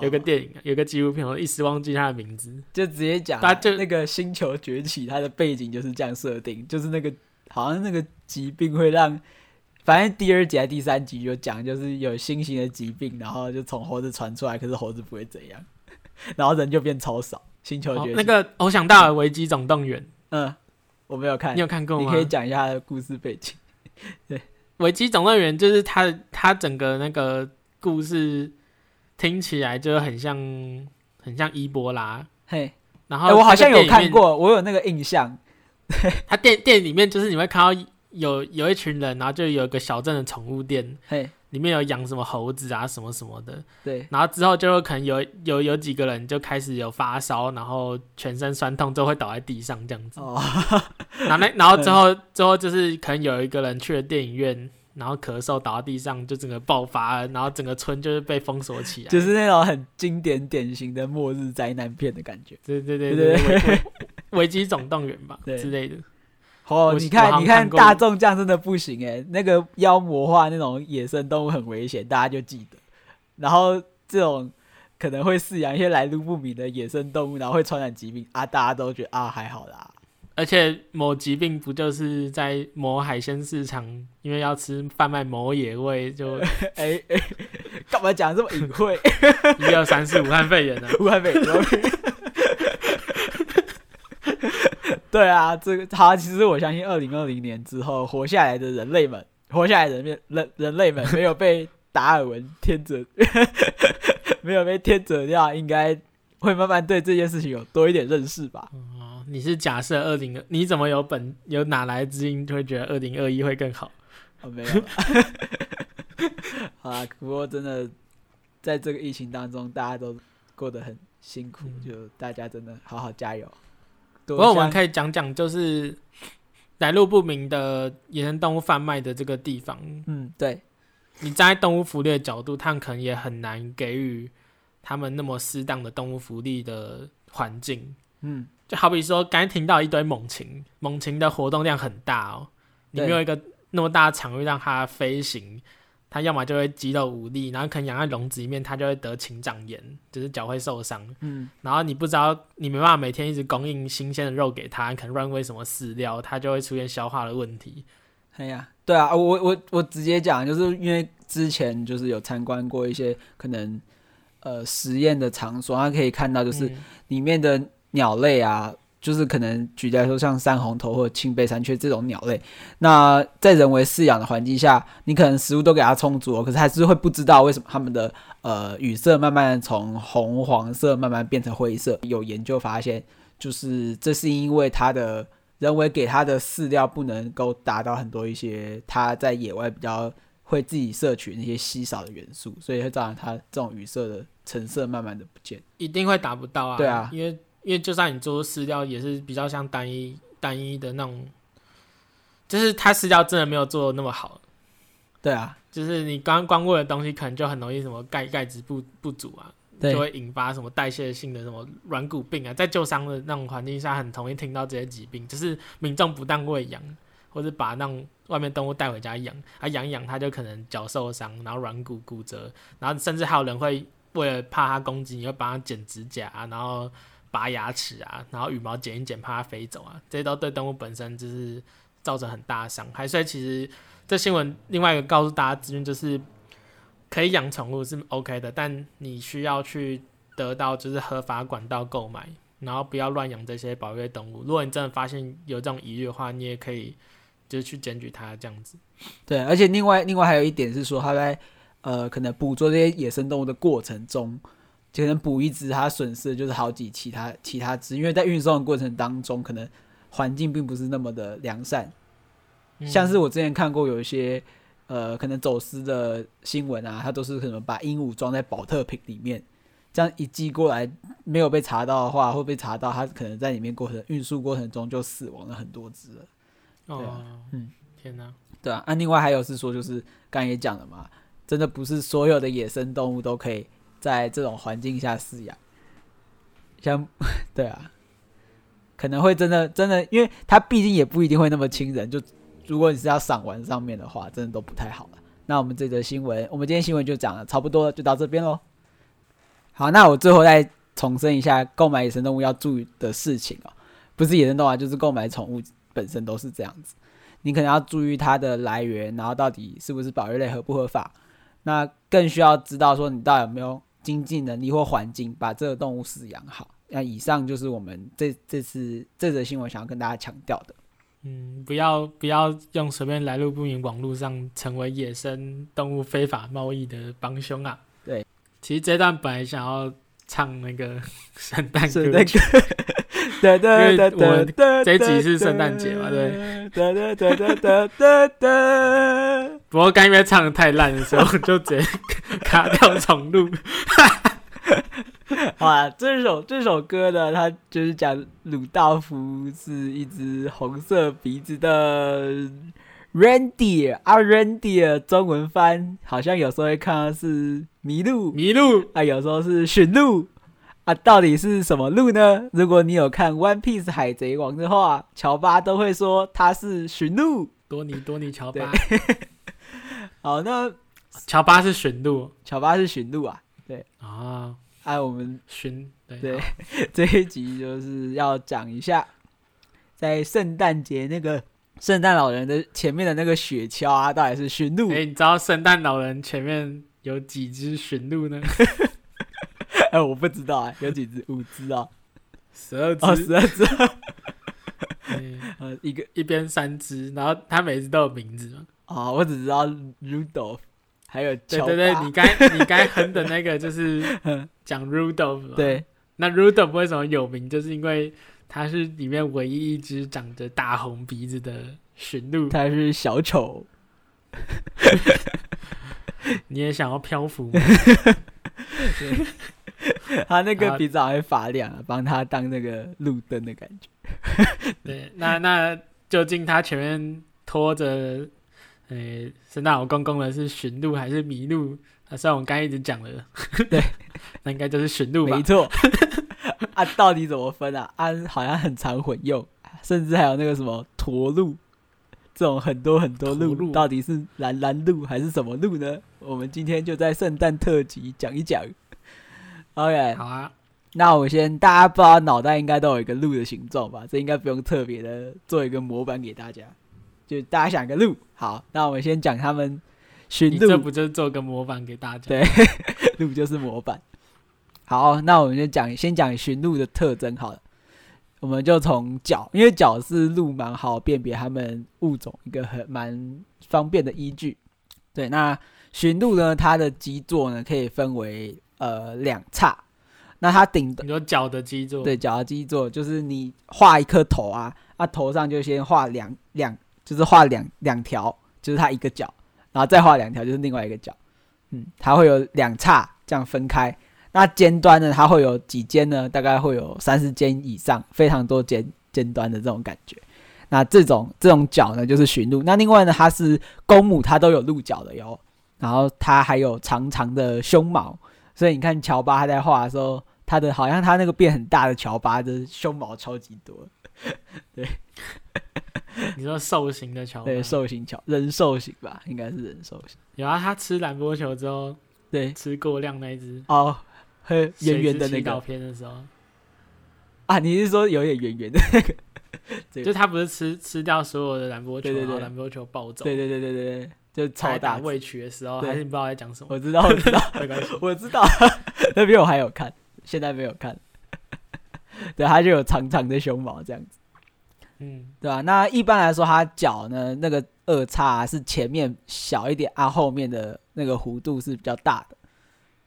有個電影，哦、有個紀錄片，我一時忘記它的名字，就直接講，它就那個星球崛起，它的背景就是這樣設定，就是那個好像那個疾病會讓，反正第二集還第三集有講，就是有新型的疾病，然後就從猴子傳出來，可是猴子不會怎樣，然後人就變超少，星球崛起、哦、那個《我想到的危機總動員》嗯，嗯。我沒有看，你有看過嗎？你可以講一下他的故事背景。對，《危機總動員》就是他，他整個那個故事聽起來就很像，很像伊波拉。嘿，然後、欸、我好像有看過，我有那個印象。 他店店裡面就是你會看到有有一群人，然後就有一個小鎮的寵物店。嘿。裡面有養什麼猴子啊，什麼什麼的。對。然後之後就可能有有有幾個人就開始有發燒，然後全身酸痛，就會倒在地上這樣子。哦。Oh. 然後那然後之後之、嗯、後就是可能有一個人去了電影院，然後咳嗽倒在地上，就整個爆發了，然後整個村就是被封鎖起來。就是那種很經典典型的末日災難片的感覺。對對對對對 危。危機總動員吧 對之類的。哦，oh, 是你看，看你看，大眾這樣真的不行哎、欸！那個妖魔化，那種野生動物很危險，大家就記得。然後這種可能會飼養一些來路不明的野生動物，然後會傳染疾病啊，大家都覺得啊，還好啦。而且某疾病不就是在某海鮮市場，因為要吃販賣某野味就，就哎 欸、幹、欸、嘛講這麼隱晦？一二三四五，武漢肺炎呢、啊？武漢肺炎。 對啊，這個好，其實我相信二零二零年之後活下來的人類們，活下來的人面人人類們沒有被達爾文天擇， 沒有被天擇掉，應該會慢慢對這件事情有多一點認識吧。你是假設二零二，你怎麼有本有哪來自信就會覺得二零二一會更好？我、哦、沒有。 啊，不過真的在這個疫情當中，大家都過得很辛苦，就大家真的好好加油。不過我們可以講講，就是來路不明的野生動物販賣的這個地方。嗯，對。你站在動物福利的角度，他們可能也很難給予他們那麼適當的動物福利的環境。嗯，就好比說，剛才聽到一堆猛禽，猛禽的活動量很大哦，你沒有一個那麼大的場域讓它飛行。它要麼就會肌肉無力，然後可能養在籠子裡面，它就會得禽掌炎，就是腳會受傷。嗯，然後你不知道，你沒辦法每天一直供應新鮮的肉給它，你可能亂餵什麼飼料，它就會出現消化的問題。哎呀，對啊，我我我直接講，就是因為之前就是有參觀過一些可能呃實驗的場所，它可以看到就是裡面的鳥類啊。嗯就是可能舉例來說，像山紅頭或者青背山雀這種鳥類，那在人為飼養的環境下，你可能食物都給它充足了，可是還是會不知道為什麼它們的呃羽色慢慢從紅黃色慢慢變成灰色。有研究發現，就是這是因為它的人為給它的飼料不能夠達到很多一些它在野外比較會自己攝取那些稀少的元素，所以會造成它這種羽色的成色慢慢的不見。一定會達不到啊！對啊，因為。因為就算你做飼料，也是比較像單一、單一的那種，就是它飼料真的沒有做的那麼好。對啊，就是你剛剛過的東西，可能就很容易什麼鈣鈣質不不足啊，對就會引發什麼代謝性的什麼軟骨病啊。在救傷的那種環境下，很容易聽到這些疾病。就是民眾不當餵養，或者把那種外面動物帶回家養，他養養他就可能腳受傷，然後軟骨骨折，然後甚至還有人會為了怕他攻擊，你會幫他剪指甲，啊，然後。拔牙齒啊，然後羽毛剪一剪，怕它飛走啊，這些都對動物本身就是造成很大的傷害。所以其實這新聞另外一個告訴大家資訊就是，可以養寵物是 OK 的，但你需要去得到就是合法管道購買，然後不要亂養這些保育動物。如果你真的發現有這種疑慮的話，你也可以就是去檢舉它這樣子。對，而且另外另外還有一點是說，它在呃可能捕捉這些野生動物的過程中。可能補一只，它損失的就是好幾其他其他只，因為在運送的過程當中，可能環境並不是那麼的良善。嗯、像是我之前看過有一些呃，可能走私的新聞啊，它都是可能把鸚鵡裝在寶特瓶裡面，這樣一寄過來沒有被查到的話，會被查到，它可能在裡面過程運輸過程中就死亡了很多只了。哦對、啊，嗯，天哪、啊，對啊。那、啊、另外還有是說，就是剛剛也講了嘛，真的不是所有的野生動物都可以。在這種環境下飼養，像對啊，可能會真的真的，因為它畢竟也不一定會那麼親人。就如果你是要賞玩上面的話，真的都不太好了。那我們這則新聞，我們今天新聞就講了差不多，就到這邊嘍。好，那我最後再重申一下，購買野生動物要注意的事情哦、喔，不是野生動物啊，就是購買寵物本身都是這樣子。你可能要注意它的來源，然後到底是不是保育類，合不合法。那更需要知道說你到底有沒有。經濟能力或環境把這個動物飼養好。那以上就是我們這這次這則新聞想要跟大家強調的。嗯，不要不要用隨便來路不明網絡上成為野生動物非法貿易的幫凶啊！對，其實這段本來想要唱那個聖誕歌，對對誕， 因為我們這集是聖誕節嘛，對。 不過剛因為唱的太爛的時候，我就直接卡掉重錄。 好了，這首這首歌呢，它就是講魯道夫是一隻紅色鼻子的 reindeer、啊、reindeer 中文翻好像有時候會看到是麋鹿，麋鹿路啊，有時候是馴鹿啊，到底是什麼鹿呢？如果你有看《One Piece》海賊王的話，喬巴都會說它是馴鹿，多尼多尼喬巴。好，那喬巴是馴鹿，喬巴是馴鹿啊，對啊，哎、啊，我們馴對，對這一集就是要講一下，在聖誕節那個聖誕老人的前面的那個雪橇啊，到底是馴鹿？哎，你知道聖誕老人前面有幾隻馴鹿呢？哎， 我不知道啊，有幾隻？ 五隻哦，十二隻？哦、十二隻？呃、 嗯，一個一邊三隻，然後他每隻都有名字嘛啊，我只知道 Rudolph，還有對對對，你該你該哼的那個就是講 Rudolph， 對，那 Rudolph 為什麼有名？就是因為他是裡面唯一一隻長着大紅鼻子的馴鹿。他是小丑， 你也想要漂浮？ 對他那個鼻子好像發亮，啊，幫、啊、他當那個路燈的感覺。 對，那那究竟他前面拖着？哎，聖誕老公公的是馴鹿還是麋鹿？啊，雖然我們剛一直講了，對， 那應該就是馴鹿沒錯。沒錯。啊，到底怎麼分啊？安、啊、好像很常混用，甚至還有那個什麼駝鹿，這種很多很多鹿，路到底是藍藍鹿還是什麼鹿呢？我們今天就在聖誕特輯講一講。 OK，好啊。那我先，大家不知道腦袋應該都有一個鹿的形狀吧？這應該不用特別的做一個模板給大家。就大家想個鹿，好，那我們先講他們馴鹿。這不就是做個模板給大家？對，鹿就是模板。好，那我們就講，先講馴鹿的特徵。好了，我們就從角，因為角是鹿蠻好辨別它們物種一個很蠻方便的依據。對，那馴鹿呢，它的基座呢可以分為呃兩叉。那它頂的角的基座，對，角的基座就是你畫一顆頭啊，啊頭上就先畫兩兩。就是畫兩兩條，就是它一個角，然後再畫兩條，就是另外一個角。嗯，它會有兩叉這樣分開。那尖端呢？它會有幾尖呢？大概會有三四尖以上，非常多尖，尖端的這種感覺。那這種這種角呢，就是馴鹿。那另外呢，它是公母，它都有鹿角的喲。然後它還有長長的胸毛，所以你看喬巴他在畫的時候。他的好像他那個變很大的喬巴的胸毛超級多，對，你說獸型的喬巴。對獸型喬人獸型吧，應該是人獸型。有啊，他吃藍波球之後，對，吃過量那一隻哦，黑圓圓的那個照片的時候啊，你是說有點圓圓的？那個。就他不是吃吃掉所有的藍波球，對對對，藍波球暴走，對對對對對，就超大未取的時候，還是不知道在講什麼？我知道，我知道，我知道，那邊我還有看。現在沒有看， 對，它就有長長的熊毛這樣子，嗯，對吧、啊？那一般來說，它腳呢，那個二叉、啊、是前面小一點，啊，後面的那個弧度是比較大的。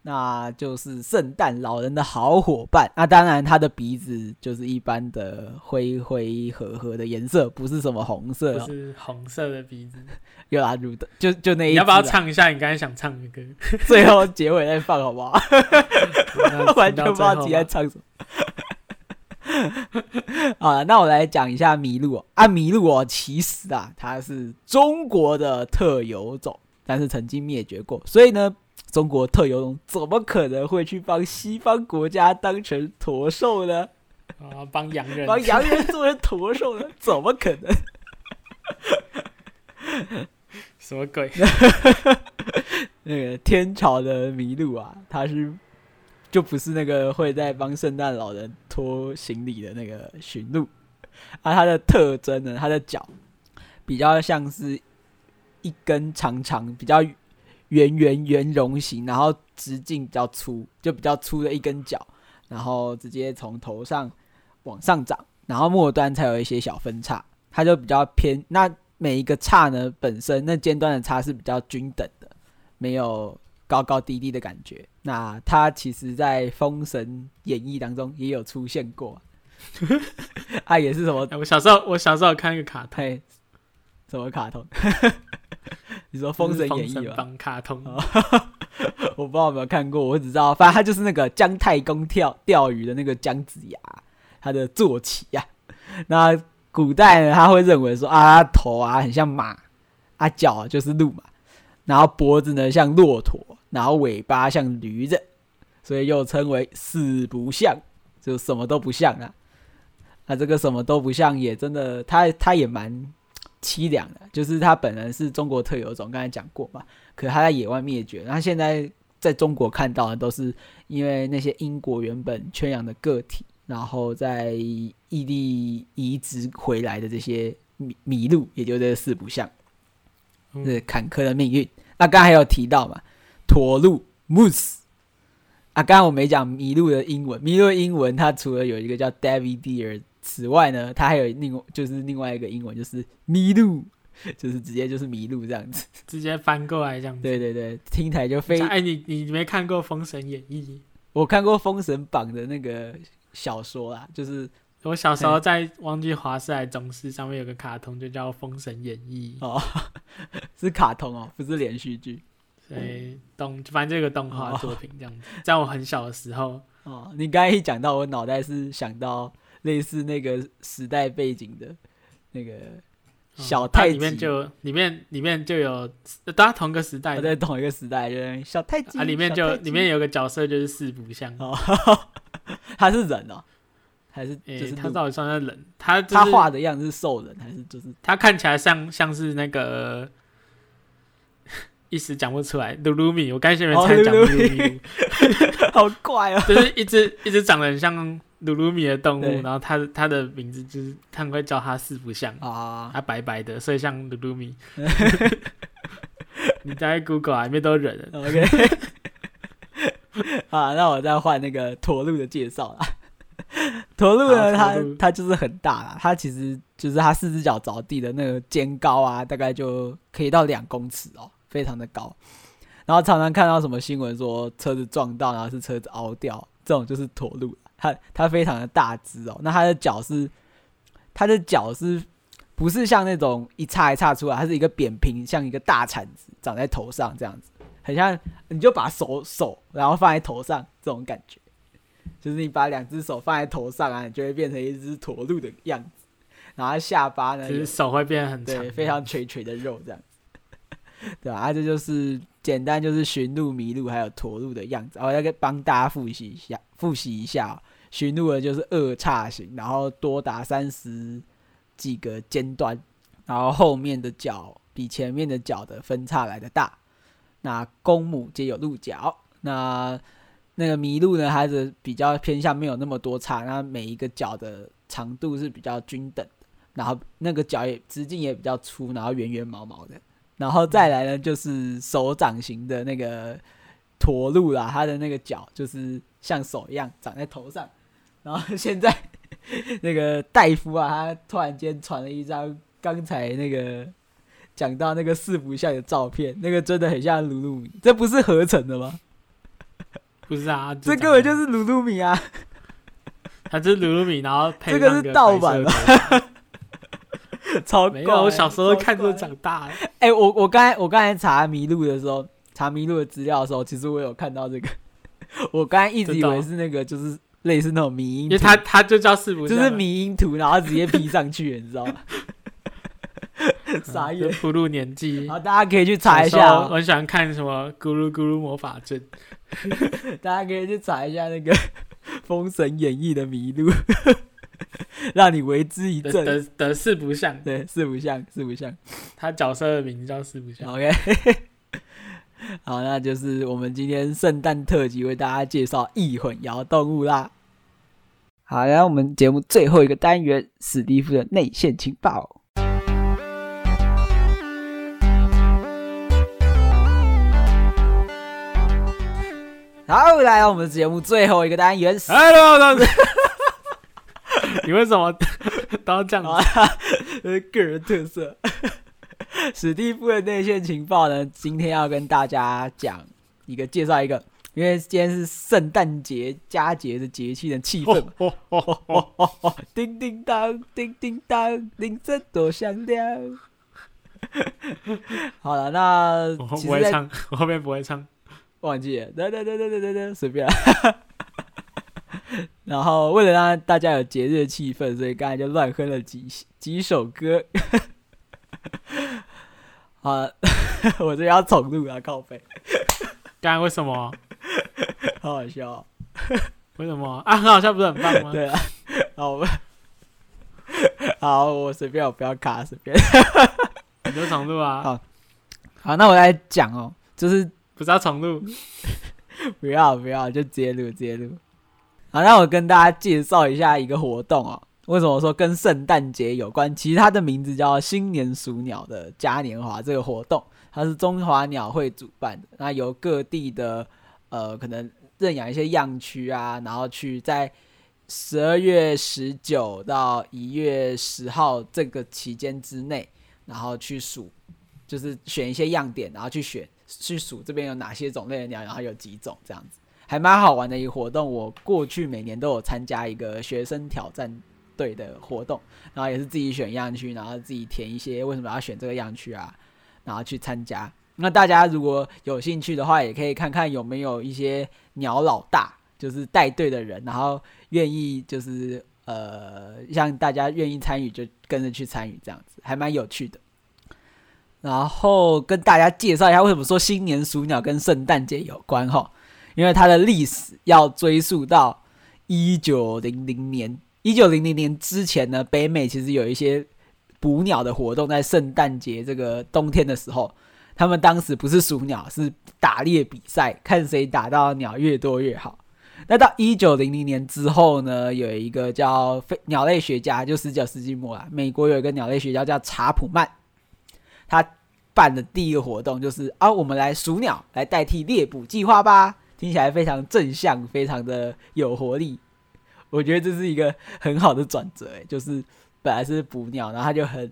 那就是聖誕老人的好夥伴。那當然，他的鼻子就是一般的灰灰褐褐的顏色，不是什麼紅色的。是紅色的鼻子。有啊， 就就那一次。你要不要唱一下 你剛才想唱的歌？ 最後結尾再放好不好？完全不知道接下來唱什麼。好了 那我來講一下麋鹿，喔、啊，麋鹿哦，其實啊，它是中國的特有種，但是曾經滅絕過，所以呢。中國特有種怎麼可能會去幫西方國家當成駝獸呢？啊，幫洋人，幫洋人做成駝獸呢？ 怎麼可能？什麼鬼？ 那個天朝的麋鹿啊，它是就不是那個會在幫聖誕老人拖行李的那個馴鹿，而、啊、它的特徵呢，它的腳比較像是一根長長比較。圓圓圓溶型，然後直徑比較粗，就比較粗的一根角，然後直接從頭上往上長，然後末端才有一些小分叉，它就比較偏。那每一個叉呢，本身那尖端的叉是比較均等的，沒有高高低低的感覺。那它其實，在《封神演義》當中也有出現過， 啊，也是什麼？我小時候，我小時候看一個卡片。什麼卡通？ 你說《封神演義》嗎？封神卡通，哦，呵呵，我不知道有沒有看過。我只知道，反正他就是那個姜太公釣釣魚的那個姜子牙，他的坐騎呀。那古代呢，他會認為說啊，頭啊很像馬，啊，腳就是鹿嘛，然後脖子，呢像駱駝，然後尾巴像驢子，所以又稱為四不像，就什麼都不像啊。他這個什麼都不像也真的，他他也蠻。淒涼的，就是他本人是中國特有種，剛才講過嘛。可他在野外滅絕，那他現在在中國看到的都是因為那些英國原本圈養的個體，然後在異地移植回來的這些麋鹿，也就是這四不像，嗯、是坎坷的命運。那剛才還有提到嘛，駝鹿 （moose） 啊，剛剛我沒講麋鹿的英文，麋鹿的英文它除了有一個叫 David Deer。此外呢，它還有另外就是另外一個英文，就是迷路，就是直接就是迷路這樣子，直接翻過來這樣子。對對對，聽起來就非常。哎、欸，你你沒看過《封神演義》？我看過《封神榜》的那個小說啊，就是我小時候在忘記華視中視上面有個卡通，就叫《封神演義》。嗯，哦，是卡通哦，不是連續劇，所以動反正這個動畫作品這樣子，哦、在我很小的時候哦，你剛才一講到，我腦袋是想到。類似那個時代背景的那個小太、哦啊，裡面就裡面裡面就有，大家同一個時代在、哦、同一個時代，就是小太。啊，裡面就裡面有個角色就是四不像，哦呵呵，他是人哦，還是就是、欸、他到底算是人？他、就是、他畫的樣子是獸人，還是就是他看起來像像是那個一時講不出來。嘟嚕咪，我剛前面才講嘟嚕咪，好怪哦。就是一隻一隻長得很像。魯魯米的動物，對然後它它的名字就是，他們會叫它四不像啊，它、哦哦哦、白白的，所以像嚕嚕米。 你在 Google、啊、裡面都忍了、oh,，OK。啊， 那我再換那個駝鹿的介紹啦，駝鹿呢，好它鹿它就是很大啦，它其實就是它四只腳着地的那個肩高啊，大概就可以到兩公尺哦，非常的高。然後常常看到什麼新聞說車子撞到，然後是車子凹掉，這種就是駝鹿。它它非常的大隻哦，喔，那它的腳是它的腳是不是像那種一叉一叉出來？它是一個扁平，像一個大鏟子長在頭上這樣子，很像你就把手手然後放在頭上這種感覺，就是你把兩隻手放在頭上啊，你就會變成一隻駝鹿的樣子。然後下巴呢就，就是手會變得很長對，非常垂垂的肉這樣子， 對啊，啊，這就是簡單，就是馴鹿、麋鹿還有駝鹿的樣子。我要跟幫大家複習一下，複習一下，喔。馴鹿的就是二叉型，然後多達三十幾個尖端，然後後面的角比前面的角的分叉來的大。那公母皆有鹿角。那那個麋鹿呢，還是比較偏向沒有那麼多叉，那每一個角的長度是比較均等，然後那個角也直徑也比較粗，然後圓圓毛毛的。然後再來呢，就是手掌型的那個駝鹿啦，它的那個角就是像手一樣長在頭上。然後現在那個戴夫啊，他突然間傳了一張剛才那個講到那個四不像的照片，那個真的很像魯魯米，這不是合成的嗎？不是啊，啊這根本就是魯魯米啊！他就是魯魯米，然後配個這個是盜版的，超怪，我小時候看就長大了。哎、欸，我我剛才我剛才查麋鹿的時候，查麋鹿的資料的時候，其實我有看到這個，我剛才一直以為是那個就是。類似那種迷因，因為他他就叫四不像，就是迷因圖，然後直接 P 上去， 你知道嗎？傻眼，不露年紀。好，大家可以去查一下。我很喜歡看什麼《咕嚕咕嚕魔法陣》， 大家可以去查一下那個《封神演義》的迷路， 讓你為之一振。的的四不像，對四不像，四不像，他角色的名字叫四不像。OK。 好，那就是我們今天聖誕特輯為大家介紹易混淆動物啦。好，來我們節目最後一個單元，史蒂夫的內線情報。好，來我們節目最後一個單元，哎呦，你為什麼都這樣啊？個人特色。史蒂夫的內線情報呢？今天要跟大家講一個，介紹一個，因為今天是聖誕節佳節的節氣的氣氛，叮叮當，叮叮當，鈴聲多響亮。好了，那我，我不會唱，我後面不會唱，忘記了。了。隨便。 然後為了讓大，大家有節日氣氛，所以剛才就亂哼了幾幾首歌。 好， 我這要重錄啊，靠北！剛剛為什麼？好好笑喔， 為什麼？啊，很好笑，不是很棒嗎？對啊。好，好，我隨便，我不要卡，隨便。 你就重錄啊！好，好，那我來講哦，就是不是要重錄， 不要，不要，就直接錄，直接錄。好，那我跟大家介紹一下一個活動哦、喔。為什麼說跟聖誕節有關？其實，它的名字叫“新年數鳥的嘉年華”這個活動，它是中華鳥會主辦的。那由各地的呃，可能認養一些樣區啊，然後去在十二月十九到一月十號這個期間之內，然後去數，就是選一些樣點，然後去選去數這邊有哪些種類的鳥，然後有幾種這樣子，還蠻好玩的一個活動。我過去每年都有參加一個學生挑戰，對的活動，然後也是自己選樣區，然後自己填一些為什麼要選這個樣區啊，然後去參加。那大家如果有興趣的話，也可以看看有沒有一些鳥老大，就是帶隊的人，然後願意就是呃，像大家願意參與就跟着去參與這樣子，還蠻有趣的。然後跟大家介紹一下為什麼說新年數鳥跟聖誕節有關哈，因為它的歷史要追溯到一九零零年。一九零零年之前呢，北美其實有一些捕鳥的活動，在聖誕節這個冬天的時候，他們當時不是數鳥，是打獵比賽，看誰打到鳥越多越好。那到一九零零年之後呢，有一個叫鳥類學家，就十九世紀末啊，美國有一個鳥類學家叫查普曼，他辦的第一個活動就是啊，我們來數鳥，來代替獵捕計劃吧，聽起來非常正向，非常的有活力。我覺得這是一個很好的轉折，就是本來是捕鳥，然後他就很，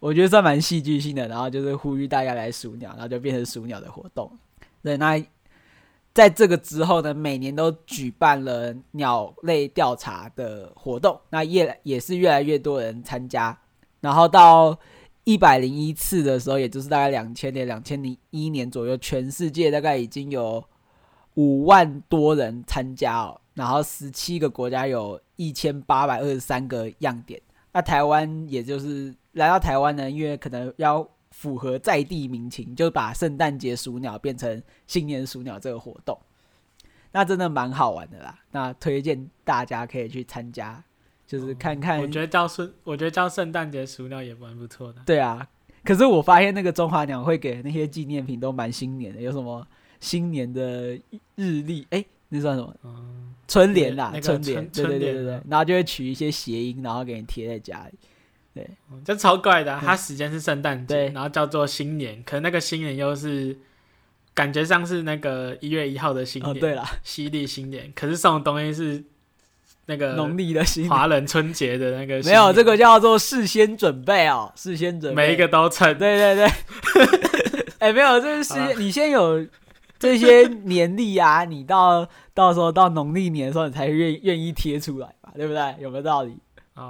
我覺得算蠻戲劇性的，然後就是呼籲大家來數鳥，然後就變成數鳥的活動。對，那在這個之後呢，每年都舉辦了鳥類調查的活動，那越也是越來越多人參加，然後到一百零一次的時候，也就是大概兩千年、兩千零一年左右，全世界大概已經有五萬多人參加哦、喔。然後十七個國家有一千八百二十三個樣點，那台灣也就是來到台灣呢，因為可能要符合在地民情，就把聖誕節數鳥變成新年數鳥這個活動，那真的蠻好玩的啦。那推薦大家可以去參加，就是看看。嗯、我覺得叫聖，我覺得叫聖誕節數鳥也蠻不錯的。對啊，可是我發現那個中華鳥會給那些紀念品都蠻新年的，有什麼新年的日曆？誒，那算什麼？嗯春聯啦，那個、春聯，對對對對對，然後就會取一些諧音，然後給你貼在家裡。對，這超怪的，啊，它、嗯、時間是聖誕節，對然後叫做新年，可是那個新年又是感覺像是那個一月一號的新年，哦、對啦，西曆新年，可是送的東西是那個農曆 的新，華人春節的那個新年。沒有，這個叫做事先準備哦，事先準備，每一個都成對對對。哎、 欸，沒有，這是事先， 啊、你先有。這些年曆啊，你到到時候到農曆年的時候，你才願願意貼出來吧，對不對？有沒有道理？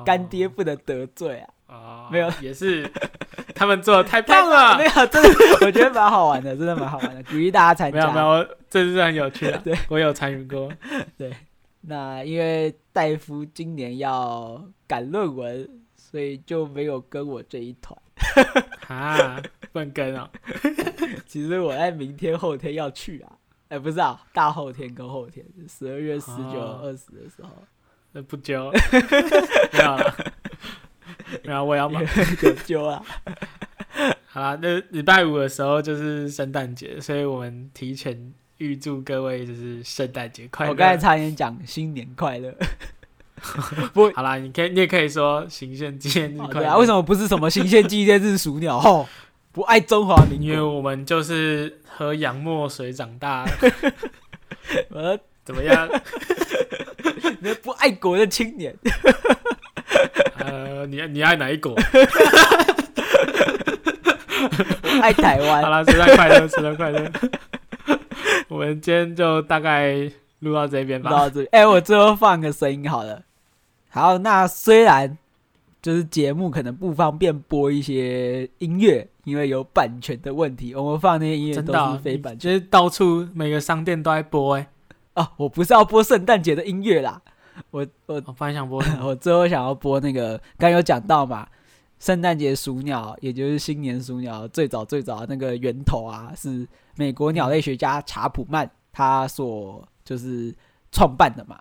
幹、oh. 爹不能得，得罪啊！Oh. 沒有，也是 他們做的太胖了，太棒了。沒有，真的，我覺得蠻好， 好玩的，真的蠻好玩的，鼓勵大家參加。沒有，沒有，這是很有趣的。對，我有參與過。對， 那因為戴夫今年要趕論文，所以就沒有跟我這一團。哈 分根啊、哦！ 其實我在明天、後天要去啊，哎、欸，不是啊，大後天跟後天，十二月十九、二十的時候，哦、那不揪， 沒有了， 沒有，我要嘛，就揪啊！好啦，那禮拜五的時候就是聖誕節，所以我們提前預祝各位就是聖誕節快樂。我剛才差點講新年快樂， 不 好啦，你可以你也可以說行憲紀念日快樂、哦、對啊。為什麼不是什麼行憲紀念日鼠鳥？ 哦不愛中華民國，因為我們就是喝洋墨水長大的。呃，怎麼樣？ 你不愛國的青年。呃，你你愛哪一國？ 愛台灣。好了，聖誕快樂，聖誕快樂。我們今天就大概錄到這邊吧這，錄到這邊。哎，我最後放個聲音好了。好，那雖然就是節目可能不方便播一些音樂。因為有版權的問題，我們放那些音樂都是非版權，啊、就是到處每個商店都在播，欸。誒，哦，我不是要播聖誕節的音樂啦，我我還想播， 我最後想要播那個剛有講到嘛，聖誕節數鳥，也就是新年數鳥最早最早的那個源頭啊，是美國鳥類學家查普曼他所就是創辦的嘛。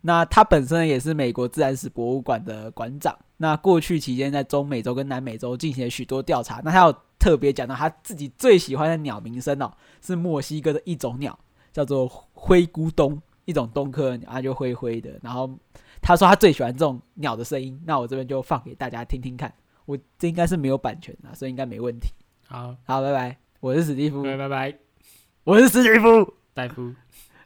那他本身也是美國自然史博物館的館長。那過去期間，在中美洲跟南美洲進行了許多調查。那他有特別講到他自己最喜歡的鳥鳴聲哦，是墨西哥的一種鳥，叫做灰咕咚，一種鶇科的鳥，它就灰灰的。然後他說他最喜歡這種鳥的聲音。那我這邊就放給大家聽聽看。我這應該是沒有版權的，所以應該沒問題。好好，拜拜，我是史蒂夫。拜拜，我是史蒂夫大夫。